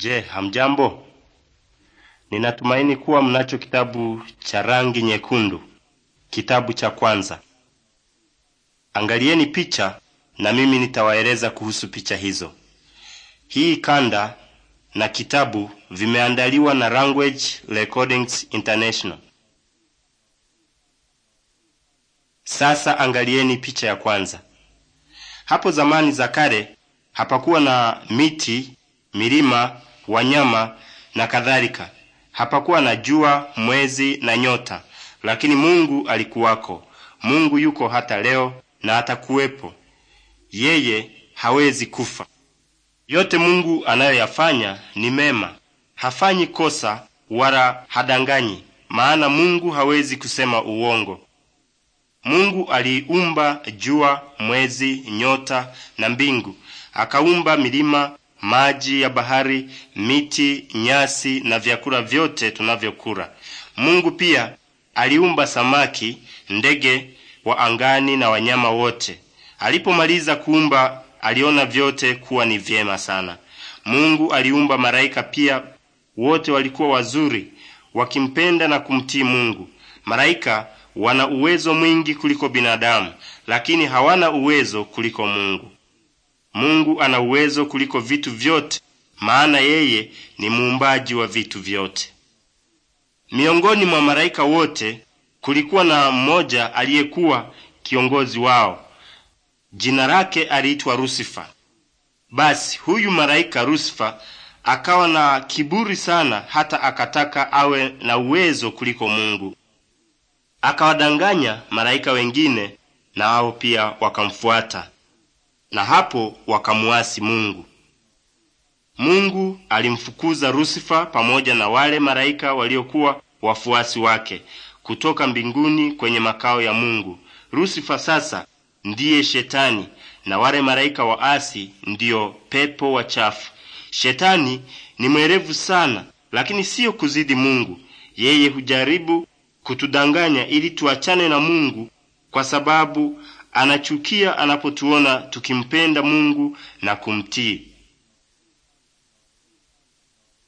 Je, hamjambo? Ninatumaini kuwa mnacho kitabu cha rangi nyekundu, kitabu cha kwanza. Angalieni picha na mimi nitawaeleza kuhusu picha hizo. Hii kanda na kitabu vimeandaliwa na Language Recordings International. Sasa angalieni picha ya kwanza. Hapo zamani za kale hapakuwa na miti, milima wanyama na kadhalika. Hapakuwa na jua, mwezi na nyota, lakini Mungu alikuwako. Mungu yuko hata leo na atakuwepo. Yeye hawezi kufa. Yote Mungu anayoyafanya ni mema, hafanyi kosa wala hadanganyi, maana Mungu hawezi kusema uwongo. Mungu aliumba jua, mwezi, nyota na mbingu, akaumba milima maji ya bahari, miti, nyasi na vyakula vyote tunavyokula. Mungu pia aliumba samaki, ndege wa angani na wanyama wote. Alipomaliza kuumba, aliona vyote kuwa ni vyema sana. Mungu aliumba malaika pia, wote walikuwa wazuri, wakimpenda na kumtii Mungu. Malaika wana uwezo mwingi kuliko binadamu, lakini hawana uwezo kuliko Mungu. Mungu ana uwezo kuliko vitu vyote, maana yeye ni muumbaji wa vitu vyote. Miongoni mwa malaika wote kulikuwa na mmoja aliyekuwa kiongozi wao. Jina lake aliitwa Lusifa. Basi huyu malaika Lusifa akawa na kiburi sana, hata akataka awe na uwezo kuliko Mungu. Akawadanganya malaika wengine, na wao pia wakamfuata na hapo wakamuasi Mungu. Mungu alimfukuza Lusifa pamoja na wale malaika waliokuwa wafuasi wake kutoka mbinguni kwenye makao ya Mungu. Lusifa sasa ndiye Shetani na wale malaika waasi ndiyo pepo wachafu. Shetani ni mwerevu sana, lakini siyo kuzidi Mungu. Yeye hujaribu kutudanganya ili tuachane na Mungu kwa sababu anachukia anapotuona tukimpenda Mungu na kumtii.